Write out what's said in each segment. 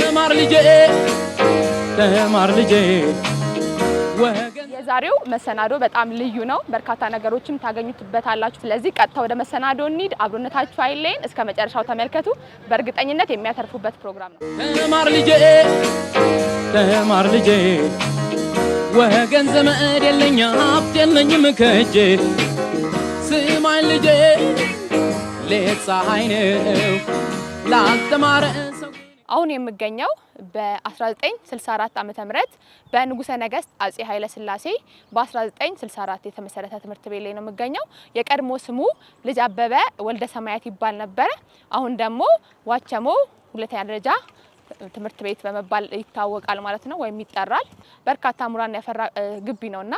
ተማር ልጄ ተማር ልጄ። የዛሬው መሰናዶ በጣም ልዩ ነው። በርካታ ነገሮችም ታገኙትበታላችሁ። ስለዚህ ቀጥታ ወደ መሰናዶ እንሂድ። አብሮነታችሁ አይለይን፣ እስከ መጨረሻው ተመልከቱ። በእርግጠኝነት የሚያተርፉበት ፕሮግራም ነው። ተማር ልጄ ተማር ልጄ፣ ወገን ዘመድ የለኝ ሀብት የለኝም ከጄ ስማኝ ልጄ ሌት ፀሐይ ነው ላልተማረ አሁን የምገኘው በ1964 ዓመተ ምህረት በንጉሰ ነገስት አጼ ኃይለ ሥላሴ በ1964 የተመሰረተ ትምህርት ቤት ላይ ነው የምገኘው። የቀድሞ ስሙ ልጅ አበበ ወልደ ሰማያት ይባል ነበረ። አሁን ደግሞ ዋቸሞ ሁለተኛ ደረጃ ትምህርት ቤት በመባል ይታወቃል ማለት ነው ወይም ይጠራል። በርካታ ምሁራን ያፈራ ግቢ እና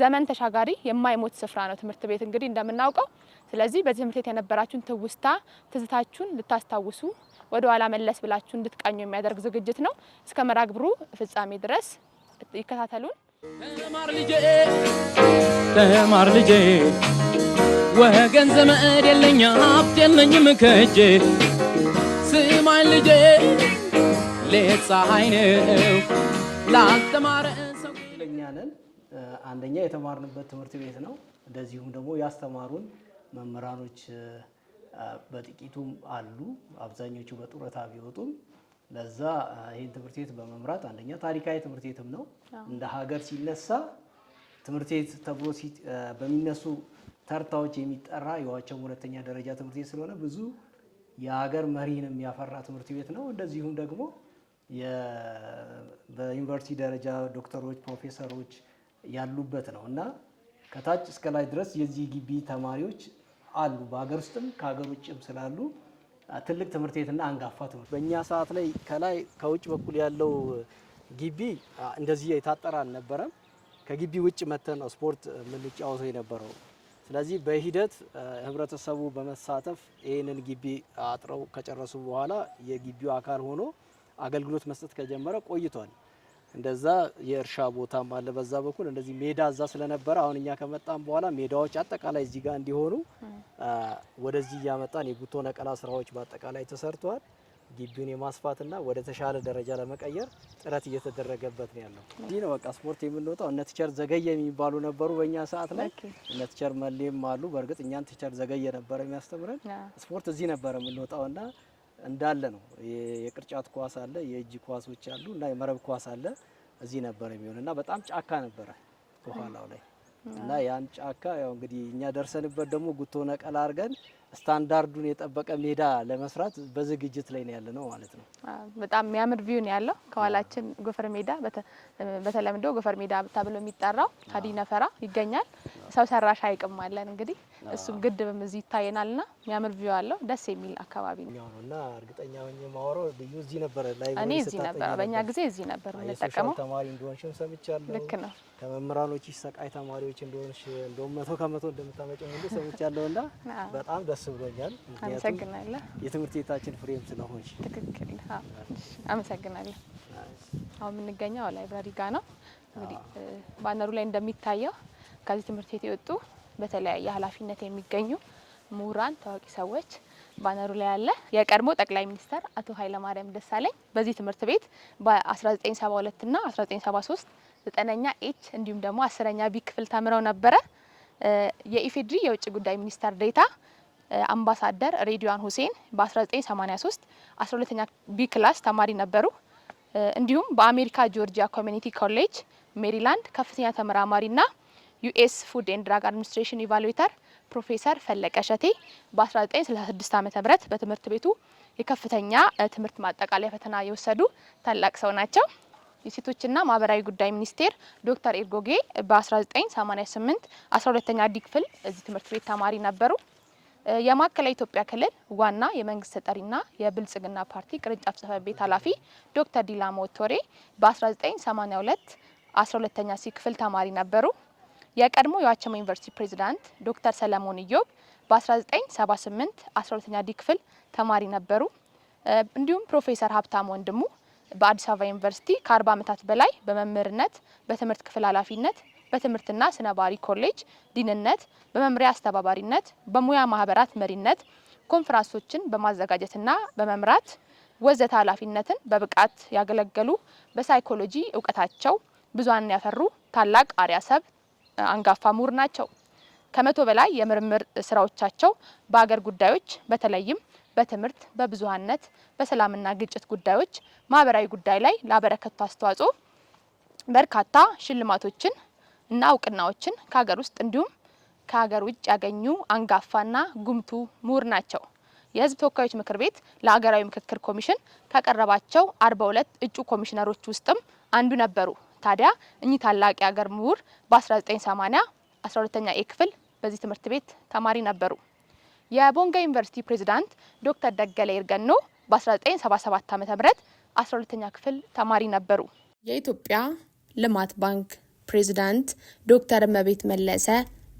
ዘመን ተሻጋሪ የማይሞት ስፍራ ነው። ትምህርት ቤት እንግዲህ እንደምናውቀው ስለዚህ በትምህርት ቤት የነበራችሁን ትውስታ ትዝታችሁን ልታስታውሱ ወደ ኋላ መለስ ብላችሁ እንድትቃኙ የሚያደርግ ዝግጅት ነው። እስከ መርሃ ግብሩ ፍጻሜ ድረስ ይከታተሉን። ተማር ልጄ፣ ተማር ልጄ፣ ወገን ዘመድ የለኝ ሀብት የለኝም ከእጄ። ስማኝ ልጄ፣ ሌት ፀሐይ ነው ላልተማረ ሰው ለኛ ነን። አንደኛ የተማርንበት ትምህርት ቤት ነው። እንደዚሁም ደግሞ ያስተማሩን መምህራኖች በጥቂቱም አሉ። አብዛኞቹ በጡረታ ቢወጡም ለዛ ይህን ትምህርት ቤት በመምራት አንደኛ ታሪካዊ ትምህርት ቤትም ነው። እንደ ሀገር ሲነሳ ትምህርት ቤት ተብሎ በሚነሱ ተርታዎች የሚጠራ የዋቸሞ ሁለተኛ ደረጃ ትምህርት ቤት ስለሆነ ብዙ የሀገር መሪን የሚያፈራ ትምህርት ቤት ነው። እንደዚሁም ደግሞ በዩኒቨርሲቲ ደረጃ ዶክተሮች፣ ፕሮፌሰሮች ያሉበት ነው እና ከታች እስከ ላይ ድረስ የዚህ ግቢ ተማሪዎች አሉ በሀገር ውስጥም ከሀገር ውጭም ስላሉ ትልቅ ትምህርት ቤትና አንጋፋ ትምህርት በእኛ ሰዓት ላይ ከላይ ከውጭ በኩል ያለው ግቢ እንደዚህ የታጠረ አልነበረም። ከግቢ ውጭ መተን ነው ስፖርት የምንጫወተው የነበረው። ስለዚህ በሂደት ህብረተሰቡ በመሳተፍ ይህንን ግቢ አጥረው ከጨረሱ በኋላ የግቢው አካል ሆኖ አገልግሎት መስጠት ከጀመረ ቆይቷል። እንደዛ የእርሻ ቦታም አለ በዛ በኩል እንደዚህ ሜዳ እዛ ስለነበረ አሁን እኛ ከመጣም በኋላ ሜዳዎች አጠቃላይ እዚህ ጋር እንዲሆኑ ወደዚህ እያመጣን የጉቶ ነቀላ ስራዎች በአጠቃላይ ተሰርተዋል። ግቢውን የማስፋትና ወደ ተሻለ ደረጃ ለመቀየር ጥረት እየተደረገበት ነው ያለው። ይህ ነው በቃ ስፖርት የምንወጣው። እነ ቲቸር ዘገየ የሚባሉ ነበሩ በእኛ ሰዓት ላይ እነ ቲቸር መሌም አሉ። በእርግጥ እኛን ቲቸር ዘገየ ነበረ የሚያስተምረን። ስፖርት እዚህ ነበረ የምንወጣውና እንዳለ ነው። የቅርጫት ኳስ አለ፣ የእጅ ኳሶች አሉ እና የመረብ ኳስ አለ። እዚህ ነበር የሚሆን እና በጣም ጫካ ነበረ ከኋላው ላይ እና ያን ጫካ ያው እንግዲህ እኛ ደርሰንበት ደግሞ ጉቶ ነቀል አድርገን ስታንዳርዱን የጠበቀ ሜዳ ለመስራት በዝግጅት ላይ ነው ያለ ነው ማለት ነው። በጣም የሚያምር ቪው ነው ያለው ከኋላችን ጎፈር ሜዳ፣ በተለምዶ ጎፈር ሜዳ ተብሎ የሚጠራው ካዲ ነፈራ ይገኛል። ሰው ሰራሽ ሀይቅም አለን እንግዲህ እሱም ግድብም እዚህ ይታየናል እና የሚያምር ቪው አለው ደስ የሚል አካባቢ ነው እና እርግጠኛ ሆኜ የማወራው ልዩ እዚህ ነበር ላይ እኔ እዚህ ነበር በእኛ ጊዜ እዚህ ነበር የምንጠቀመው ተማሪ እንደሆንሽም ሰምቻለሁ ልክ ነው ከመምህራኖች ሰቃይ ተማሪዎች እንደሆንሽ እንደውም መቶ ከመቶ እንደምታመጭ ሁሉ ሰምቻለሁ እና በጣም ደስ ብሎኛል አመሰግናለሁ የትምህርት ቤታችን ፍሬም ስለሆንሽ ትክክል አመሰግናለሁ አሁን የምንገኘው ላይብራሪ ጋ ነው እንግዲህ ባነሩ ላይ እንደሚታየው ከዚህ ትምህርት ቤት የወጡ በተለያየ ኃላፊነት የሚገኙ ምሁራን፣ ታዋቂ ሰዎች ባነሩ ላይ ያለ የቀድሞ ጠቅላይ ሚኒስተር አቶ ኃይለማርያም ደሳለኝ በዚህ ትምህርት ቤት በ1972 እና 1973 ዘጠነኛ ኤች እንዲሁም ደግሞ አስረኛ ቢ ክፍል ተምረው ነበረ። የኢፌድሪ የውጭ ጉዳይ ሚኒስተር ዴታ አምባሳደር ሬድዋን ሁሴን በ1983 12ኛ ቢ ክላስ ተማሪ ነበሩ። እንዲሁም በአሜሪካ ጆርጂያ ኮሚኒቲ ኮሌጅ ሜሪላንድ ከፍተኛ ተመራማሪና ዩኤስ ፉድ ኤንድ ድራግ አድሚኒስትሬሽን ኢቫሉዌተር ፕሮፌሰር ፈለቀ ሸቴ በ1966 ዓ ም በትምህርት ቤቱ የከፍተኛ ትምህርት ማጠቃለያ ፈተና የወሰዱ ታላቅ ሰው ናቸው። የሴቶችና ማህበራዊ ጉዳይ ሚኒስቴር ዶክተር ኤርጎጌ በ1988 12ኛ ዲ ክፍል እዚህ ትምህርት ቤት ተማሪ ነበሩ። የማዕከላዊ ኢትዮጵያ ክልል ዋና የመንግስት ተጠሪና የብልጽግና ፓርቲ ቅርንጫፍ ጽህፈት ቤት ኃላፊ ዶክተር ዲላ ሞቶሬ በ1982 12ኛ ሲ ክፍል ተማሪ ነበሩ። የቀድሞ የዋቸሞ ዩኒቨርሲቲ ፕሬዚዳንት ዶክተር ሰለሞን ኢዮብ በ1978 12ኛ ዲ ክፍል ተማሪ ነበሩ። እንዲሁም ፕሮፌሰር ሀብታም ወንድሙ በአዲስ አበባ ዩኒቨርሲቲ ከ40 ዓመታት በላይ በመምህርነት፣ በትምህርት ክፍል ኃላፊነት፣ በትምህርትና ስነ ባህሪ ኮሌጅ ዲንነት፣ በመምሪያ አስተባባሪነት፣ በሙያ ማህበራት መሪነት፣ ኮንፈራንሶችን በማዘጋጀትና በመምራት ወዘተ ኃላፊነትን በብቃት ያገለገሉ በሳይኮሎጂ እውቀታቸው ብዙሃንን ያፈሩ ታላቅ አርአያ ሰብ አንጋፋ ምሁር ናቸው። ከመቶ በላይ የምርምር ስራዎቻቸው በአገር ጉዳዮች በተለይም በትምህርት፣ በብዙሃነት፣ በሰላምና ግጭት ጉዳዮች፣ ማህበራዊ ጉዳይ ላይ ላበረከቱ አስተዋጽኦ በርካታ ሽልማቶችን እና እውቅናዎችን ከሀገር ውስጥ እንዲሁም ከሀገር ውጭ ያገኙ አንጋፋና ጉምቱ ምሁር ናቸው። የህዝብ ተወካዮች ምክር ቤት ለሀገራዊ ምክክር ኮሚሽን ካቀረባቸው አርባ ሁለት እጩ ኮሚሽነሮች ውስጥም አንዱ ነበሩ። ታዲያ እኚህ ታላቅ የሀገር ምሁር በ1980 12ኛ ኤ ክፍል በዚህ ትምህርት ቤት ተማሪ ነበሩ። የቦንጋ ዩኒቨርሲቲ ፕሬዝዳንት ዶክተር ደገለ ይርገኖ በ1977 ዓ ም 12ኛ ክፍል ተማሪ ነበሩ። የኢትዮጵያ ልማት ባንክ ፕሬዝዳንት ዶክተር እመቤት መለሰ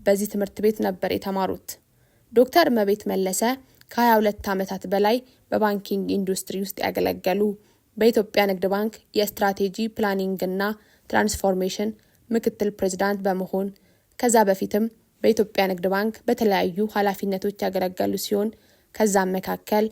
በዚህ ትምህርት ቤት ነበር የተማሩት። ዶክተር እመቤት መለሰ ከ22 ዓመታት በላይ በባንኪንግ ኢንዱስትሪ ውስጥ ያገለገሉ በኢትዮጵያ ንግድ ባንክ የስትራቴጂ ፕላኒንግና ትራንስፎርሜሽን ምክትል ፕሬዚዳንት በመሆን ከዛ በፊትም በኢትዮጵያ ንግድ ባንክ በተለያዩ ኃላፊነቶች ያገለገሉ ሲሆን ከዛም መካከል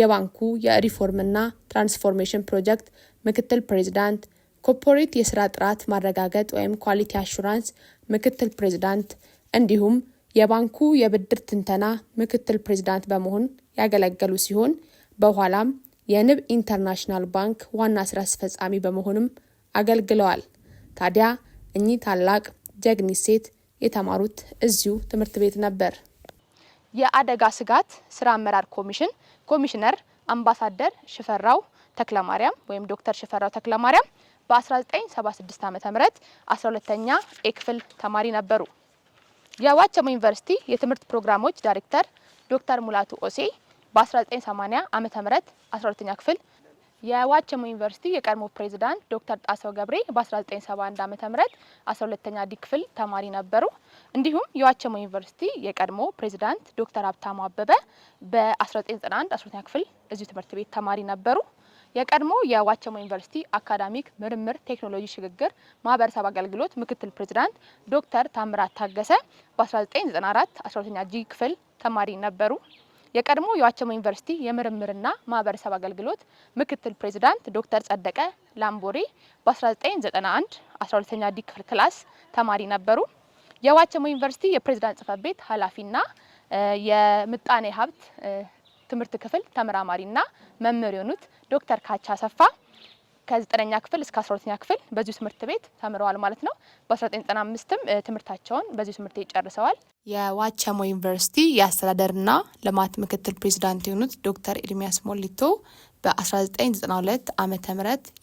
የባንኩ የሪፎርምና ትራንስፎርሜሽን ፕሮጀክት ምክትል ፕሬዚዳንት፣ ኮርፖሬት የስራ ጥራት ማረጋገጥ ወይም ኳሊቲ አሹራንስ ምክትል ፕሬዚዳንት እንዲሁም የባንኩ የብድር ትንተና ምክትል ፕሬዚዳንት በመሆን ያገለገሉ ሲሆን በኋላም የንብ ኢንተርናሽናል ባንክ ዋና ስራ አስፈጻሚ በመሆንም አገልግለዋል። ታዲያ እኚህ ታላቅ ጀግኒት ሴት የተማሩት እዚሁ ትምህርት ቤት ነበር። የአደጋ ስጋት ስራ አመራር ኮሚሽን ኮሚሽነር አምባሳደር ሽፈራው ተክለማርያም ወይም ዶክተር ሽፈራው ተክለማርያም በ1976 ዓ.ም 12ኛ ኤክፍል ተማሪ ነበሩ። የዋቸሞ ዩኒቨርሲቲ የትምህርት ፕሮግራሞች ዳይሬክተር ዶክተር ሙላቱ ኦሴ በ1980 ዓ.ም 12ኛ ክፍል የዋቸሞ ዩኒቨርሲቲ የቀድሞ ፕሬዚዳንት ዶክተር ጣሰው ገብሬ በ1971 ዓ ም 12ኛ ዲ ክፍል ተማሪ ነበሩ። እንዲሁም የዋቸሞ ዩኒቨርሲቲ የቀድሞ ፕሬዚዳንት ዶክተር ሀብታሙ አበበ በ1991 12 ኛ ክፍል እዚሁ ትምህርት ቤት ተማሪ ነበሩ። የቀድሞ የዋቸሞ ዩኒቨርሲቲ አካዳሚክ ምርምር ቴክኖሎጂ ሽግግር ማህበረሰብ አገልግሎት ምክትል ፕሬዚዳንት ዶክተር ታምራት ታገሰ በ1994 12ኛ ጂ ክፍል ተማሪ ነበሩ። የቀድሞ የዋቸሞ ዩኒቨርሲቲ የምርምርና ማህበረሰብ አገልግሎት ምክትል ፕሬዚዳንት ዶክተር ጸደቀ ላምቦሬ በ1991 12ኛ ዲ ክፍል ክላስ ተማሪ ነበሩ። የዋቸሞ ዩኒቨርሲቲ የፕሬዚዳንት ጽህፈት ቤት ኃላፊና የምጣኔ ሀብት ትምህርት ክፍል ተመራማሪና መምህር የሆኑት ዶክተር ካቻ አሰፋ ከ9ኛ ክፍል እስከ 12ኛ ክፍል በዚሁ ትምህርት ቤት ተምረዋል ማለት ነው። በ1995ም ትምህርታቸውን በዚሁ ትምህርት ቤት ጨርሰዋል። የዋቸሞ ዩኒቨርሲቲ የአስተዳደርና ልማት ምክትል ፕሬዚዳንት የሆኑት ዶክተር ኤድሚያስ ሞሊቶ በ1992 ዓ ም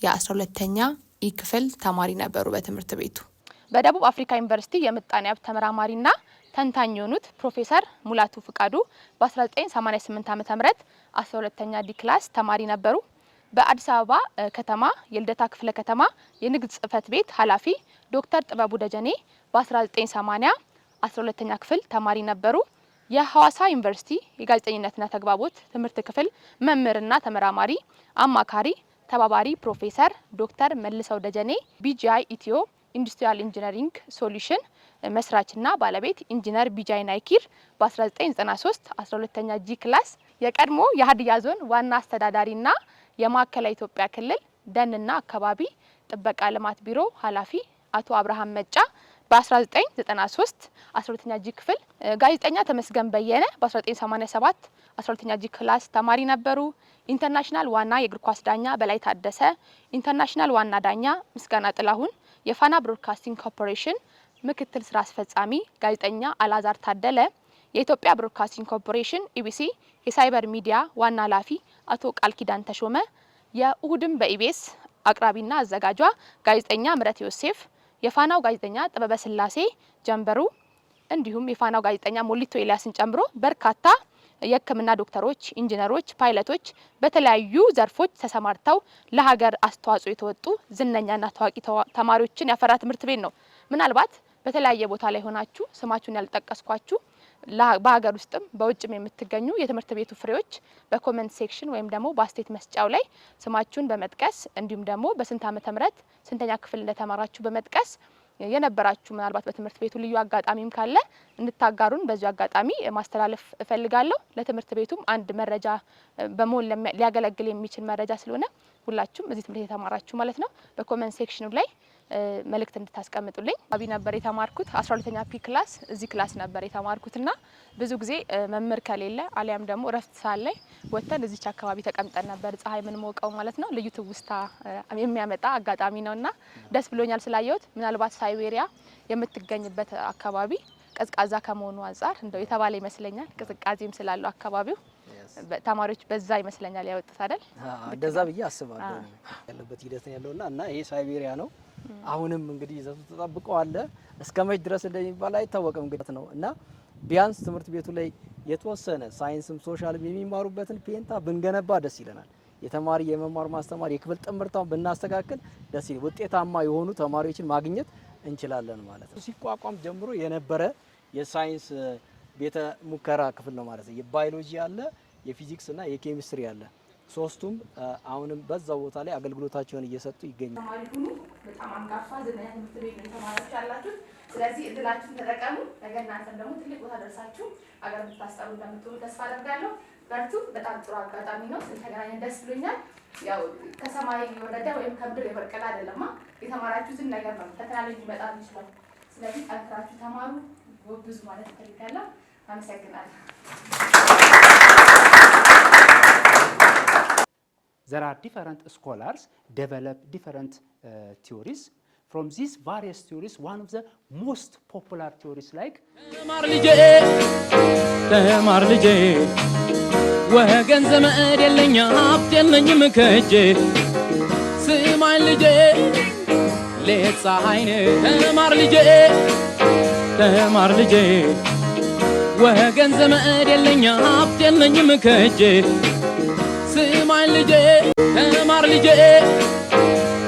የ12ተኛ ኢ ክፍል ተማሪ ነበሩ። በትምህርት ቤቱ በደቡብ አፍሪካ ዩኒቨርሲቲ የምጣኔ ሀብት ተመራማሪና ተንታኝ የሆኑት ፕሮፌሰር ሙላቱ ፍቃዱ በ1988 ዓመተ ምህረት 12ተኛ ዲ ክላስ ተማሪ ነበሩ። በአዲስ አበባ ከተማ የልደታ ክፍለ ከተማ የንግድ ጽህፈት ቤት ኃላፊ ዶክተር ጥበቡ ደጀኔ በ1980 አስራ ሁለተኛ ክፍል ተማሪ ነበሩ። የሐዋሳ ዩኒቨርሲቲ የጋዜጠኝነትና ተግባቦት ትምህርት ክፍል መምህርና ተመራማሪ አማካሪ ተባባሪ ፕሮፌሰር ዶክተር መልሰው ደጀኔ ቢጂአይ ኢትዮ ኢንዱስትሪያል ኢንጂነሪንግ ሶሉሽን መስራችና ባለቤት ኢንጂነር ቢጃይ ናይኪር በ1993 12ኛ ጂ ክላስ የቀድሞ የሀዲያ ዞን ዋና አስተዳዳሪና የማዕከላዊ ኢትዮጵያ ክልል ደንና አካባቢ ጥበቃ ልማት ቢሮ ኃላፊ አቶ አብርሃም መጫ በ1993 12ኛ ጂ ክፍል ጋዜጠኛ ተመስገን በየነ በ1987 12ኛ ጂ ክላስ ተማሪ ነበሩ። ኢንተርናሽናል ዋና የእግር ኳስ ዳኛ በላይ ታደሰ፣ ኢንተርናሽናል ዋና ዳኛ ምስጋና ጥላሁን፣ የፋና ብሮድካስቲንግ ኮርፖሬሽን ምክትል ስራ አስፈጻሚ ጋዜጠኛ አላዛር ታደለ፣ የኢትዮጵያ ብሮድካስቲንግ ኮርፖሬሽን ኢቢሲ የሳይበር ሚዲያ ዋና ኃላፊ አቶ ቃል ኪዳን ተሾመ፣ የእሁድም በኢቢኤስ አቅራቢና አዘጋጇ ጋዜጠኛ ምረት ዮሴፍ የፋናው ጋዜጠኛ ጥበበ ስላሴ ጀንበሩ እንዲሁም የፋናው ጋዜጠኛ ሞሊቶ ኤልያስን ጨምሮ በርካታ የሕክምና ዶክተሮች፣ ኢንጂነሮች፣ ፓይለቶች በተለያዩ ዘርፎች ተሰማርተው ለሀገር አስተዋጽኦ የተወጡ ዝነኛና ታዋቂ ተማሪዎችን ያፈራ ትምህርት ቤት ነው። ምናልባት በተለያየ ቦታ ላይ ሆናችሁ ስማችሁን ያልጠቀስኳችሁ በሀገር ውስጥም በውጭም የምትገኙ የትምህርት ቤቱ ፍሬዎች በኮመንት ሴክሽን ወይም ደግሞ በአስቴት መስጫው ላይ ስማችሁን በመጥቀስ እንዲሁም ደግሞ በስንት ዓመተ ምህረት ስንተኛ ክፍል እንደተማራችሁ በመጥቀስ የነበራችሁ ምናልባት በትምህርት ቤቱ ልዩ አጋጣሚም ካለ እንድታጋሩን በዚሁ አጋጣሚ ማስተላለፍ እፈልጋለሁ። ለትምህርት ቤቱም አንድ መረጃ በመሆን ሊያገለግል የሚችል መረጃ ስለሆነ ሁላችሁም እዚህ ትምህርት የተማራችሁ ማለት ነው በኮመንት ሴክሽኑ ላይ መልእክት እንድታስቀምጡልኝ። አቢ ነበር የተማርኩት 12ኛ ፒ ክላስ እዚህ ክላስ ነበር የተማርኩትና ብዙ ጊዜ መምህር ከሌለ አሊያም ደግሞ እረፍት ሳላይ ወጥተን እዚች አካባቢ ተቀምጠን ነበር ፀሐይ የምንሞቀው ማለት ነው። ልዩ ትውስታ የሚያመጣ አጋጣሚ ና ደስ ብሎኛል ስላየሁት። ምናልባት ሳይቤሪያ የምትገኝበት አካባቢ ቀዝቃዛ ከመሆኑ አንጻር እንደው የተባለ ይመስለኛል። ቅዝቃዜም ስላለው አካባቢው ተማሪዎች በዛ ይመስለኛል ያወጡት አይደል? እንደዛ ብዬ አስባለሁ ያለበት ሂደት ያለውና እና ይሄ ሳይቤሪያ ነው። አሁንም እንግዲህ ይዘቱ ተጠብቀዋለ እስከ መች ድረስ እንደሚባል አይታወቅም። እንግዲህ ነው እና ቢያንስ ትምህርት ቤቱ ላይ የተወሰነ ሳይንስም ሶሻልም የሚማሩበትን ፔንታ ብንገነባ ደስ ይለናል። የተማሪ የመማር ማስተማር የክፍል ጥምርታውን ብናስተካክል ደስ ይል ውጤታማ የሆኑ ተማሪዎችን ማግኘት እንችላለን ማለት ነው። ሲቋቋም ጀምሮ የነበረ የሳይንስ ቤተ ሙከራ ክፍል ነው ማለት ነው። የባዮሎጂ አለ፣ የፊዚክስ እና የኬሚስትሪ አለ ሶስቱም አሁንም በዛው ቦታ ላይ አገልግሎታቸውን እየሰጡ ይገኛል። ተማሪ ሁኑ። በጣም አንጋፋ ዘመኛ ትምህርት ቤት ነው ተማሪዎች ያላችሁ። ስለዚህ እድላችሁን ተጠቀሙ። ነገ እናንተም ደግሞ ትልቅ ቦታ ደርሳችሁ አገር ብታስጠሩ እንደምትሆኑ ተስፋ አደርጋለሁ። በርቱ። በጣም ጥሩ አጋጣሚ ነው። ስለተገናኘን ደስ ብሎኛል። ያው ከሰማይ የወረደ ወይም ከምድር የበቀለ አይደለማ። የተማራችሁትን ነገር ነው። ፈተና ላይ ሊመጣ ይችላል። ስለዚህ ጠንክራችሁ ተማሩ። ብዙ ማለት እፈልጋለሁ። አመሰግናለሁ። there are different scholars develop different theories from these various theories one of the most popular theories like ተማር ልጄ ተማር ልጄ ወገን ዘመድ የለኝ ሀብት የለኝም ከእጄ ስማኝ ልጄ ሌት ፀሐይን ተማር ልጄ ተማር ልጄ ወገን ዘመድ የለኝ ሀብት የለኝም ከእጄ ተማር ልጄ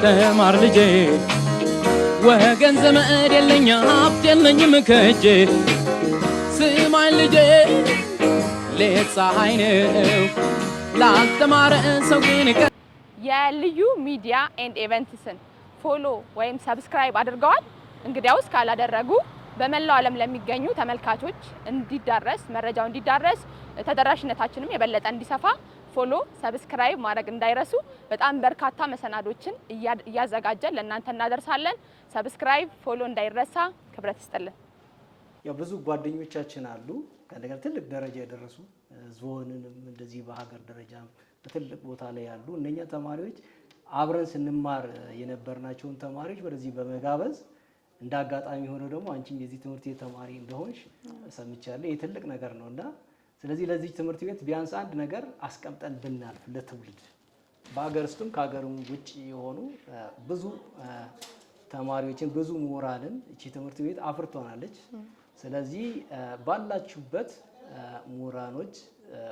ተማር ልጄ ወገን ዘመድ የለኝ ሀብት የለኝም ከእጄ ስማኝ ልጄ ሌት ፀሐይ ነው ላስተማረ ሰው ግን የልዩ ሚዲያ ኤንድ ኤቨንትስን ፎሎ ወይም ሰብስክራይብ አድርገዋል? እንግዲያውስ ካላደረጉ በመላው ዓለም ለሚገኙ ተመልካቾች እንዲዳረስ መረጃው እንዲዳረስ ተደራሽነታችንም የበለጠ እንዲሰፋ ፎሎ፣ ሰብስክራይብ ማድረግ እንዳይረሱ። በጣም በርካታ መሰናዶችን እያዘጋጀን ለእናንተ እናደርሳለን። ሰብስክራይብ፣ ፎሎ እንዳይረሳ። ክብረት ይስጥልን። ያው ብዙ ጓደኞቻችን አሉ ከነገር ትልቅ ደረጃ የደረሱ ዞንንም እንደዚህ በሀገር ደረጃ በትልቅ ቦታ ላይ ያሉ እነኛ ተማሪዎች አብረን ስንማር የነበርናቸውን ተማሪዎች ወደዚህ በመጋበዝ እንደ አጋጣሚ ሆነው ደግሞ አንቺ የዚህ ትምህርት ቤት ተማሪ እንደሆንሽ ሰምቻለሁ። ይህ ትልቅ ነገር ነው እና ስለዚህ ለዚህ ትምህርት ቤት ቢያንስ አንድ ነገር አስቀምጠን ብናልፍ ለትውልድ በሀገር ውስጥም ከሀገርም ውጭ የሆኑ ብዙ ተማሪዎችን ብዙ ሞራልን እቺ ትምህርት ቤት አፍርቶናለች። ስለዚህ ባላችሁበት ምሁራኖች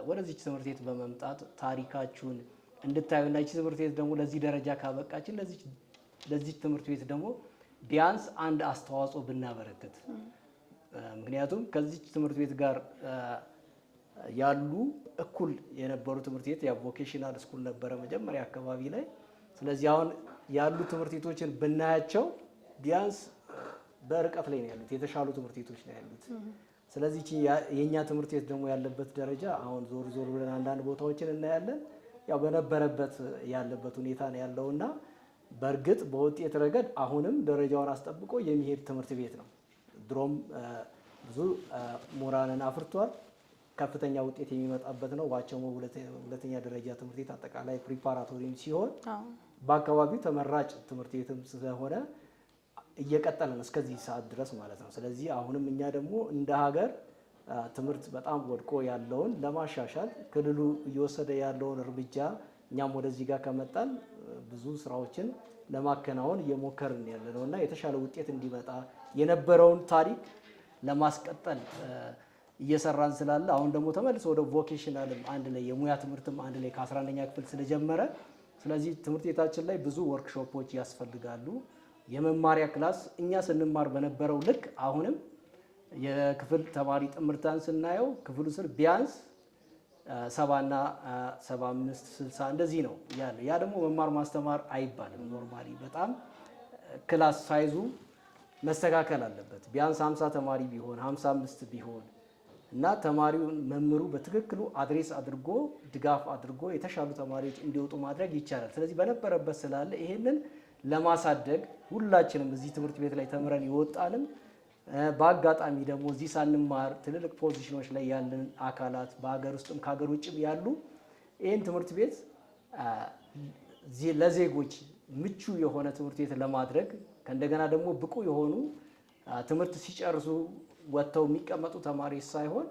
ወደዚች ትምህርት ቤት በመምጣት ታሪካችሁን እንድታዩና እቺ ትምህርት ቤት ደግሞ ለዚህ ደረጃ ካበቃችን ለዚች ትምህርት ቤት ደግሞ ቢያንስ አንድ አስተዋጽኦ ብናበረክት ምክንያቱም ከዚች ትምህርት ቤት ጋር ያሉ እኩል የነበሩ ትምህርት ቤት ያ ቮኬሽናል ስኩል ነበረ መጀመሪያ አካባቢ ላይ። ስለዚህ አሁን ያሉ ትምህርት ቤቶችን ብናያቸው ቢያንስ በርቀት ላይ ነው ያሉት፣ የተሻሉ ትምህርት ቤቶች ነው ያሉት። ስለዚህ የእኛ ትምህርት ቤት ደግሞ ያለበት ደረጃ አሁን ዞር ዞር ብለን አንዳንድ ቦታዎችን እናያለን። ያው በነበረበት ያለበት ሁኔታ ነው ያለውና በእርግጥ በውጤት ረገድ አሁንም ደረጃውን አስጠብቆ የሚሄድ ትምህርት ቤት ነው። ድሮም ብዙ ምሁራንን አፍርቷል። ከፍተኛ ውጤት የሚመጣበት ነው። ዋቸሞ ሁለተኛ ደረጃ ትምህርት ቤት አጠቃላይ ፕሪፓራቶሪም ሲሆን በአካባቢው ተመራጭ ትምህርት ቤትም ስለሆነ ነው እስከዚህ ሰዓት ድረስ ማለት ነው። ስለዚህ አሁንም እኛ ደግሞ እንደ ሀገር ትምህርት በጣም ወድቆ ያለውን ለማሻሻል ክልሉ እየወሰደ ያለውን እርምጃ እኛም ወደዚህ ጋር ከመጣን ብዙ ስራዎችን ለማከናወን እየሞከርን ያለ ነው እና የተሻለ ውጤት እንዲመጣ የነበረውን ታሪክ ለማስቀጠል እየሰራን ስላለ አሁን ደግሞ ተመልሶ ወደ ቮኬሽናልም አንድ ላይ የሙያ ትምህርትም አንድ ላይ ከ11ኛ ክፍል ስለጀመረ ስለዚህ ትምህርት ቤታችን ላይ ብዙ ወርክሾፖች ያስፈልጋሉ። የመማሪያ ክላስ እኛ ስንማር በነበረው ልክ አሁንም የክፍል ተማሪ ጥምርታን ስናየው ክፍሉ ስር ቢያንስ ሰባና ሰባ አምስት ስልሳ እንደዚህ ነው ያለ ያ ደግሞ መማር ማስተማር አይባልም። ኖርማሊ በጣም ክላስ ሳይዙ መስተካከል አለበት። ቢያንስ ሀምሳ ተማሪ ቢሆን ሀምሳ አምስት ቢሆን እና ተማሪውን መምህሩ በትክክሉ አድሬስ አድርጎ ድጋፍ አድርጎ የተሻሉ ተማሪዎች እንዲወጡ ማድረግ ይቻላል። ስለዚህ በነበረበት ስላለ ይሄንን ለማሳደግ ሁላችንም እዚህ ትምህርት ቤት ላይ ተምረን ይወጣልም በአጋጣሚ ደግሞ እዚህ ሳንማር ትልልቅ ፖዚሽኖች ላይ ያለን አካላት በሀገር ውስጥም ከሀገር ውጭም ያሉ ይህን ትምህርት ቤት ለዜጎች ምቹ የሆነ ትምህርት ቤት ለማድረግ ከእንደገና ደግሞ ብቁ የሆኑ ትምህርት ሲጨርሱ ወጥተው የሚቀመጡ ተማሪ ሳይሆን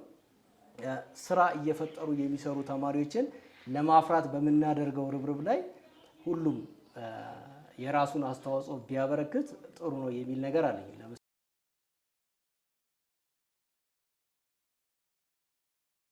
ስራ እየፈጠሩ የሚሰሩ ተማሪዎችን ለማፍራት በምናደርገው ርብርብ ላይ ሁሉም የራሱን አስተዋጽኦ ቢያበረክት ጥሩ ነው የሚል ነገር አለኝ።